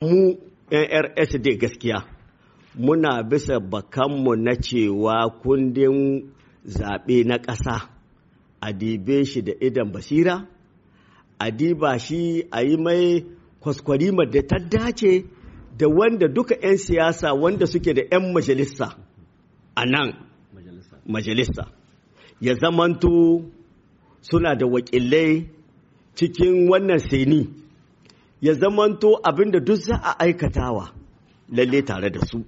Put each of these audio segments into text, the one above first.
mu NRSD gaskiya muna bisa bakanmu na cewa kundin zaɓe na ƙasa a dibe shi da idan basira a diba shi a yi mai kwaskwarimar da ta dace da wanda duka 'yan siyasa wanda suke da 'yan majalisa a nan majalisa ya zamantu suna da wakilai cikin wannan seni ya zamanto abin da duk za a aikatawa lalle tare da su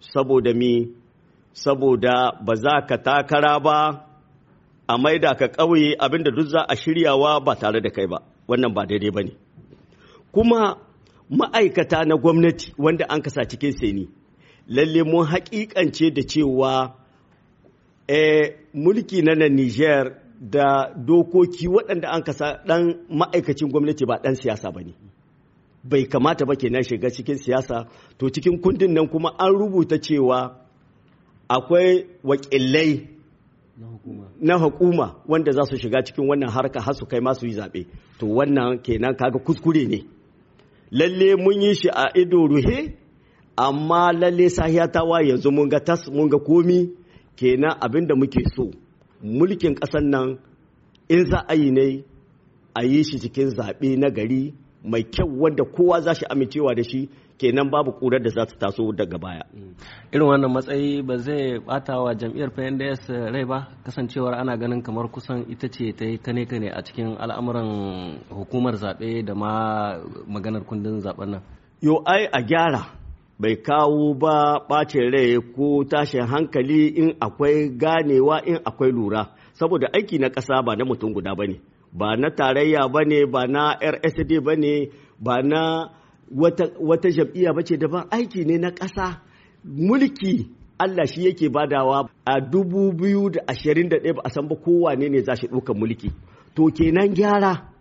saboda mi saboda ba za ka takara ba a maida ka ƙauye abin da duk za a shiryawa ba tare da kai ba wannan ba daidai ba ne kuma ma'aikata na gwamnati wanda an kasa cikin ne lalle mun haƙiƙance da cewa eh, mulki na na niger da dokoki waɗanda an kasa ɗan ma'aikacin gwamnati ba ɗan siyasa ba ne bai kamata ba kenan shiga cikin siyasa to cikin kundin nan kuma an rubuta cewa akwai wakilai na hukuma wanda za su shiga cikin wannan harka har su kai masu yi zaɓe to wannan kenan kaga kuskure ne lalle mun yi shi a ido ruhe amma lalle sahiya yanzu mun ga tas mun ga komi kenan abin da muke so mulkin ƙasar nan in za a yi ne a yi shi cikin zaɓe na gari mai kyau wanda kowa za shi amincewa da shi kenan babu ƙurar da za ta taso daga baya. Irin wannan matsayi ba zai bata wa jam'iyyar PNDS rai ba kasancewar ana ganin kamar kusan ita ce ta yi kane kane a cikin al'amuran hukumar zaɓe da ma maganar kundin zaɓen nan. Yo ai a gyara bai kawo ba ɓacin rai ko tashin hankali in akwai ganewa in akwai lura saboda aiki na ƙasa ba na mutum guda ba ne. ba na tarayya ba ne ba na rsd ba ne ba na wata jam'iyya ba ce daban aiki ne na ƙasa mulki Allah shi yake badawa a dubu da ashirin da ɗaya ba a san ba kowa ne ne za shi ɗaukar mulki to kenan gyara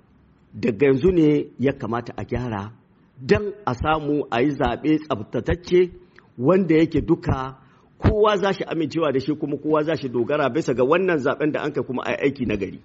daga yanzu ne ya kamata a gyara don a samu a yi zaɓe tsabtatacce wanda yake duka kowa za shi amincewa da shi kuma kowa za shi dogara bisa ga wannan zaɓen da an kai kuma a yi aiki na gari